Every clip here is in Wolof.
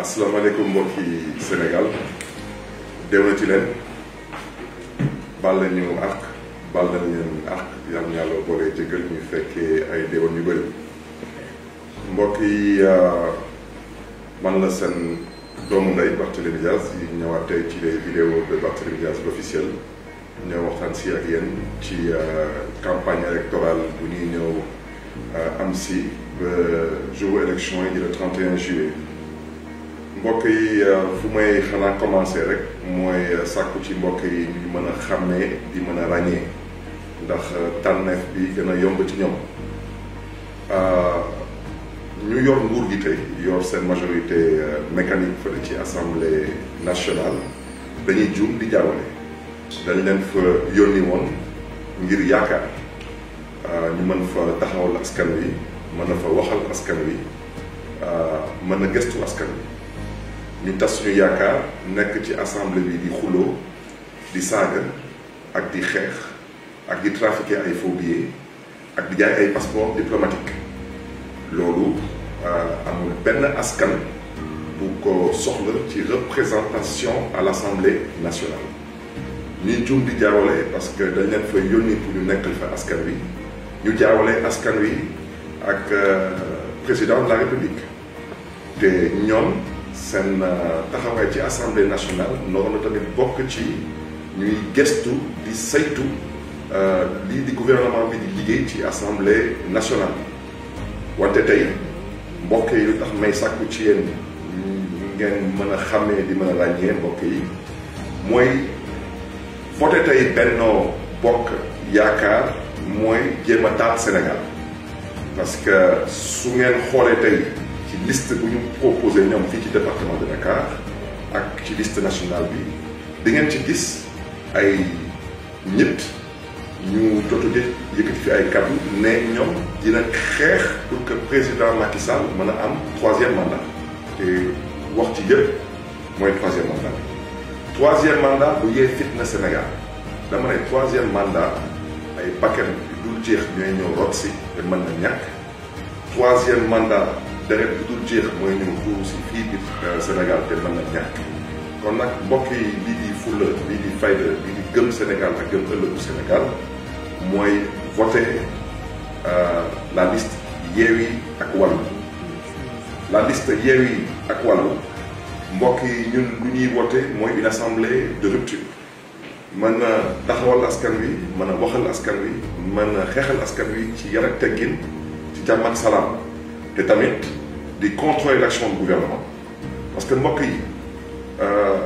asalaamaaleykum mbokki Sénégal déwénati leen bal nañu àq bal nañu leen àq yal na yàlla boole jëggal ñu fekkee ay déwén yu bëri mbokk yi euh, man la seen doomu ndey Barthélémy Dias yi ñëwaat tey ci les vidéos de l'officiel ñëw waxtaan si ak yéen ci euh, campagne électorale bu ñuy ñëw euh, am si ba jour élection yi le juillet. mbokk yi euh, fu may xanaa commencé rek mooy euh, sàkku ci mbokk yi ñu mën a xàmmee di mën a ràññee ndax euh, tànneef bi gën a yomb ci ñoom ñu yor nguur gi tey yor seen majorité mécanique fële ci assemblée nationale dañuy juum di jaawale dañ leen fa yónni woon ngir yaakaar ñu mën fa taxawal askan wi mën a fa waxal askan wi mën na gëstu askan wi ñu tas suñu yaakaar nekk ci assemblée bi di xuloo di saaga ak di xeex ak di trafiqué ay faux ak di jaay ay passeport diplomatique loolu euh, amul benn askan bu ko soxla ci représentation à l'assemblée nationale ñuy jum di jaawale parce que dañ leen fa yónni pour ñu nekkal fa askan wi ñu jaawale askan wi ak euh, président de la république te ñoom seen euh, taxawaay ci assemblée nationale noonu tamit bokk ci ñuy gëstu di saytu euh, lii di gouvernement bi di liggéey ci assemblée nationale wante tey mbokk yi lu tax may sàkku ci yéen ngeen mën a xàmmee di mën a ràññee mbokk yi mooy voté tey Benno Bokk Yaakaar mooy jéem a taat Sénégal parce que su ngeen xoolee tey ci liste bu ñu proposé ñoom fii ci département de Dakar ak ci liste nationale bi di ngeen ci gis ay ñett ñu jotu di yëkkati fi ay kàddu ne ñoom dina xeex pour que président Macky Sall mën a am troisième mandat te wax ci yëpp mooy troisième mandat bi troisième mandat bu yee fitna ay bakkan dul jeex ñooy ñëw rot te mën na ñàkk troisième mandat deret bu dul jeex mooy ñëw foofu si fii biir euh, Sénégal te mën na ñàkk kon nag mbokk yi lii di fulla lii di fayda lii di gëm Sénégal ak gëm ëllëgu Sénégal mooy voter euh, la liste Yewwi ak Wallu la liste yi ak Wallu mbokk yi lu ñuy voter mooy une assemblée de rupture mën na taxawal askan wi mën a waxal askan wi mën na xeexal askan wi ci yar ak teggin ci jàmm ak salaam te tamit di contrôler l'action du gouvernement parce que mbokk yi euh,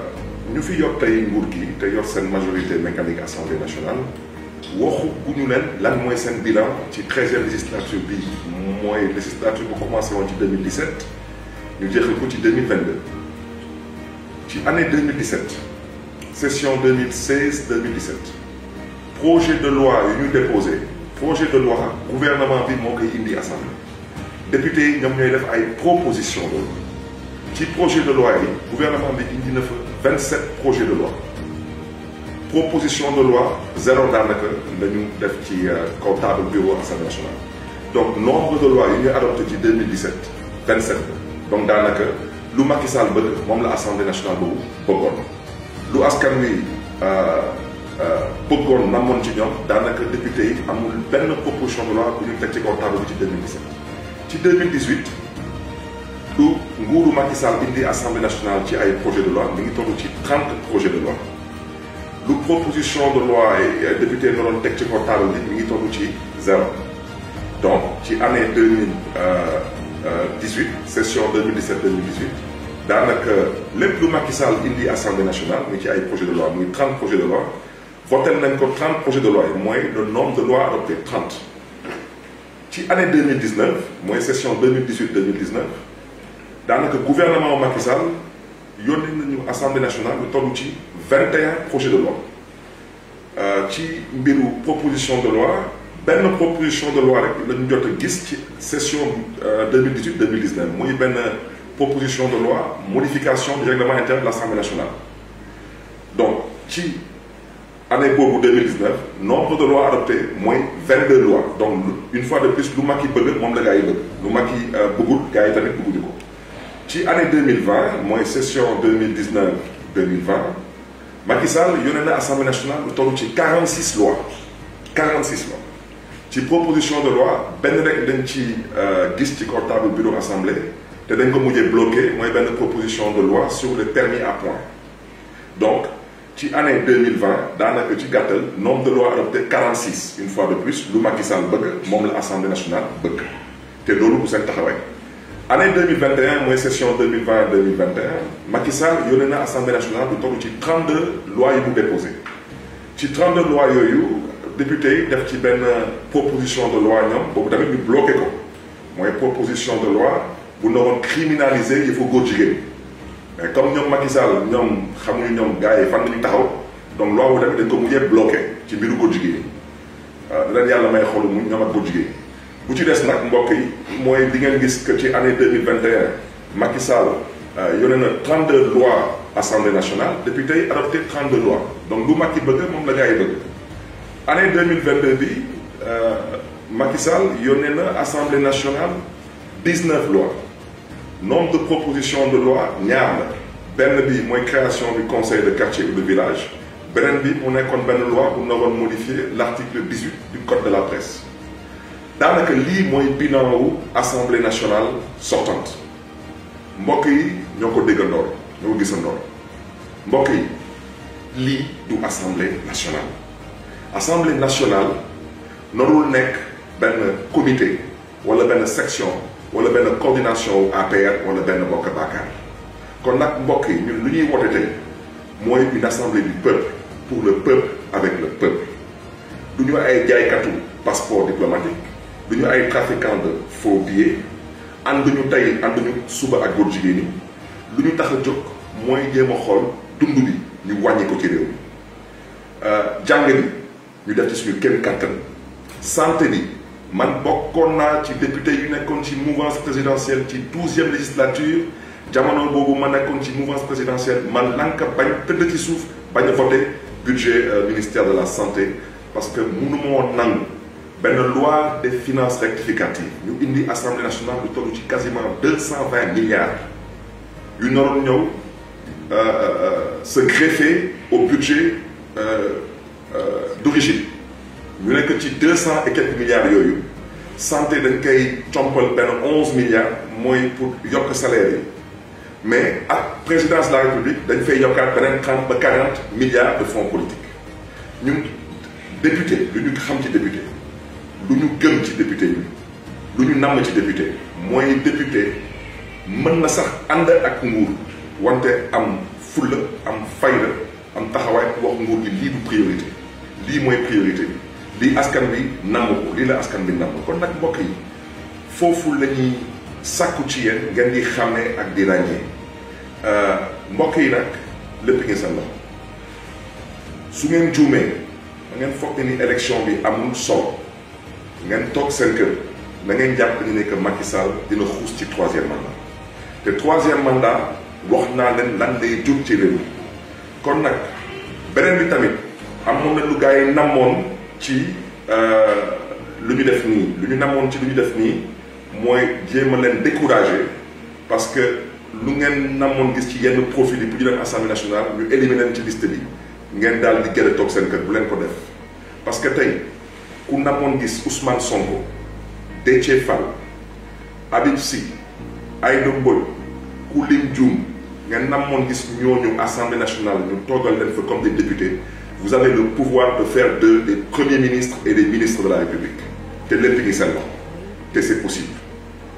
ñu fi yor tey nguur gi te yor seen majorité mécanique assemblée nationale waxu gu ñu leen lan mooy seen bilan ci treizième législature bi mooy législature bu commencé woon ci 2017 ñu jeexal ko ci 2022 ci année 2017 session 2016 2017 projet de loi yu ñu déposé projet de loi gouvernement bi moo koy indi assemblée député yi ñoom ñooy def ay proposition loolu ci projet de loi yi gouvernement bi indi na fa vingt sept projet de loi proposition de loi zéro daanaka la ñu def ci kaw euh, table bureau assemblée nationale donc nombre de loi yi ñu adopté ci 2017 27 donc daanaka lu Macky Sall ba moom la assemblée nationale boobu bëggoon lu askan wi euh, euh, bëggoon namoon ci ñoom daanaka député yi amul benn proposition de loi bu ñu teg ci kaw bi ci 2017 ci 2018 lu nguuru Macky indi assemblée nationale ci ay projet de loi mi ngi toll ci 30 projet de loi lu proposition de loi ay député yi doon teg ci portable bi mi ngi toll ci zéro donc ci année 2018 euh, euh, session 2017 2018 daanaka lépp lu Macky Sall indi assemblée nationale mu ngi ci ay projet de loi muy 30 projet de loi voté nañ ko 30 projet de loi yi mooy le nombre de lois adoptées ci année 2019 mooy session 2018 2019 daanaka gouvernement Macky Sall yónni nañu assemblée nationale lu toll ci 21 projets de loi euh, ci mbiru proposition de loi benn proposition de loi rek la ñu jot gis ci session 2018 euh, 2019 muy benn proposition de loi modification du règlement interne de l'Assemblée nationale donc ci. année boobu 2019 nombre de lois adoptées mooy 22 lois donc une fois de plus lu Macky bëgg moom la gars yi bëgg lu Macky euh, bëggul gars yi tamit bëgguñu ko ci année 2020 mooy session 2019 2020 Macky Sall yónnee na assemblée nationale lu toll ci 46 lois 46 lois ci proposition de loi benn rek dañ ci euh, gis ci portable bureau assemblée te dañ ko mujjee bloqué mooy benn proposition de loi sur le permis à point donc. ci année 2020 daanaka ci gàttal nombre de lois adoptées 46 une fois de plus lu Macky Sall bëgg moom la assemblée nationale bëgg te loolu bu seen taxawaay année 2021 mooy session 2020 2021 Macky Sall yónnee na assemblée nationale lu toll ci 32 lois yu mu déposé ci 32 lois yooyu député yi def ci benn proposition de loi ñoom boobu tamit ñu bloqué ko mooy proposition de loi bu na criminaliser yëfu mais euh, comme ñoom Macky Sall ñoom xamuñu ñoom gars yi fan la ñu taxaw donc loolu tamit dañ ko mujjee bloqué ci mbiru góor jigéen yi waaw dinañ yàlla may xolu mu ñoom ak góor jigéen bu ci des nag mbokk yi mooy di ngeen gis que ci année 2021 Macky Sall euh, yónnee na 32 lois assemblée nationale depuis tey adopté 32 lois donc lu Macky bëgg moom la gars yi bëgg année 2022 bi euh, Macky Sall yónnee na assemblée nationale 19 lois. nombre de propositions de loi ñaar la benn bi mooy création du conseil de quartier ou de village beneen bi mu nekkoon benn loi bu naroon modifier l' article 18 du code de la presse daanaka lii mooy bilan wu assemblée nationale sortante mbokk yi ñoo ko déggandoor ñoo ko gisandoor mbokk yi lii du assemblée nationale assemblée nationale narul nekk benn comité wala benn section wala benn coordination wu APR wala benn bokk bàkkaar kon nag mbokk yi ñu lu ñuy woote tey mooy une assemblée du peuple pour le peuple avec le peuple du ñu ay jaaykatu passeport diplomatique du ñu ay trafiquant de faux billets ànduñu tey ànduñu suba ak góor jigéen lu ñu tax a jóg mooy jéem a xool dund bi ñu wàññi ko ci réew mi euh, jàng bi ñu def ci suñu kéem kattan santé bi. man bokkoon naa ci député yu nekkoon ci mouvance présidentielle ci douzième législature jamono boobu ma nekkoon ci mouvance présidentielle man lanka bañ tëdd ci suuf bañ a voté budget euh, ministère de la santé parce que mënu ma woon nangu benn loi des finances rectificative ñu indi assemblée nationale lu toll ci quasiment deux cent vingt milliards yu naroon ñëw euh, euh, se greffer au budget d'origine ñu nekk ci deux cent et quelques milliards yooyu santé dañ koy compal benn onze milliards mooy pour yokk salaire yi mais ak présidence de la république dañ fay yokkaat beneen trente ba quarante milliards de fonds politiques ñun député lu ñu xam ci député lu ñu gëm ci député yi lu ñu namm ci député mooy député mën na sax ànd ak nguur wante am fulla am fayda am taxawaay wax nguur gi lii du priorité lii mooy priorité bi li askan bi namm ko lii la askan bi namm kon nag mbokk yi foofu lañuy ñuy sàkku ci yéen ngeen di xàmmee ak di ràññee euh, mbokk yi nag lépp ngi seen loxo su ngeen juumee da ngeen foog ni élection bi am solo ngeen toog seen na ngeen jàpp ni ne que Macky Sall dina xuus ci troisième mandat te troisième mandat wax naa leen lan lay jur ci réew kon nag beneen bi tamit amoon na lu gars yi namoon. ci euh, lu ñu def nii lu ñu namoon ci lu ñu def nii mooy jéem a leen décourager parce que lu ngeen namoon gis ci yenn profil yi bu ñu dem assemblée nationale ñu éliminer leen ci liste bi ngeen daal di gën a toog seen kër bu leen ko def parce que tey ku namoon gis Ousmane Sonko Déthié Fall Habib ay Aïda Mbodj ku lim Dioum ngeen namoon gis ñooñu assemblée nationale ñu toogal leen fa comme des députés vous avez le pouvoir de faire d'eux des premiers ministres et des ministres de la république te lépp ngi seen te c'est possible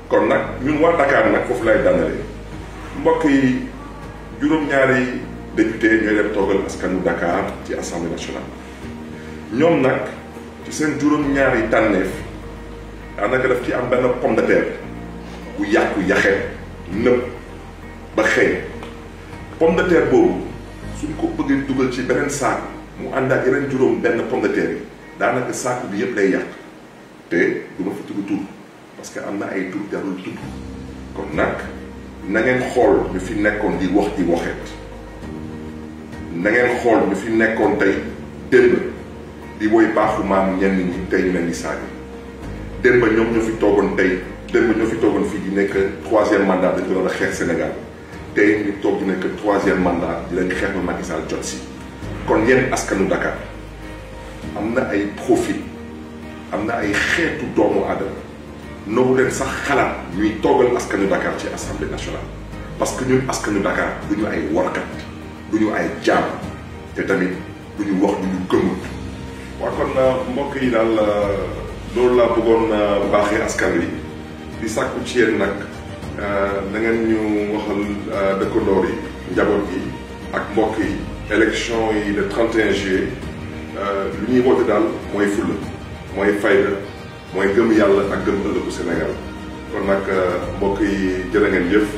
kon nag ñun waa Dakar nag foofu lay daanale mbokk yi juróom-ñaari député ñooy dem toogal askanu Dakar ci assemblée nationale ñoom nag ci seen juróom-ñaari tànneef daanaka daf ci am benn pomme de terre bu yàqu yaxet nëb ba xëy pomme de terre boobu suñ ko bëggee dugal ci beneen saako. mu ànd ak yeneen juróom benn pomme de terre yi daanaka saako bi yëpp lay yàq te du ma fa tudd tur parce que am na ay tur jarul tudd kon nag na ngeen xool ñu fi nekkoon di wax di waxeet na ngeen xool ñu fi nekkoon tey démb di woy baaxu maam ñenn ñi tey mel ni Sadio démb ñoom ñoo fi toogoon tey démb ñoo fi toogoon fii di nekk troisième mandat dañu war a xeex Sénégal tey ñu toog di nekk troisième mandat di leen xeex ba Macky Sall jot si. kon yéen askanu Dakar am na ay profil am na ay xeetu doomu aadama nooru leen sax xalaat ñuy toogal askanu Dakar ci assemblée nationale parce que ñun askanu Dakar du ñu ay warkat du ñu ay jaam te tamit du ñu wax du ñu gëmut waa kon euh, mbokk yi daal euh, loolu laa bëggoon euh, baaxee askan wi di sàkku ci yéen nag na ngeen ñu waxal dëkkandoor yi njaboot yi ak mbokk yi élection yi le 31 juillet euh, lu ñuy woote daal mooy fulla mooy fayda mooy gëm yàlla ak gëm ëllëgu Sénégal kon nag euh, mbokk yi jërë ngeen jëf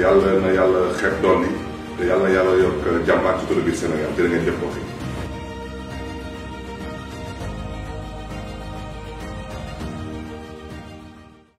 yàlla na yàlla xeeb doon yi te yàlla na yàlla yokk jàmbaar ci biir Sénégal jërë ngeen jëf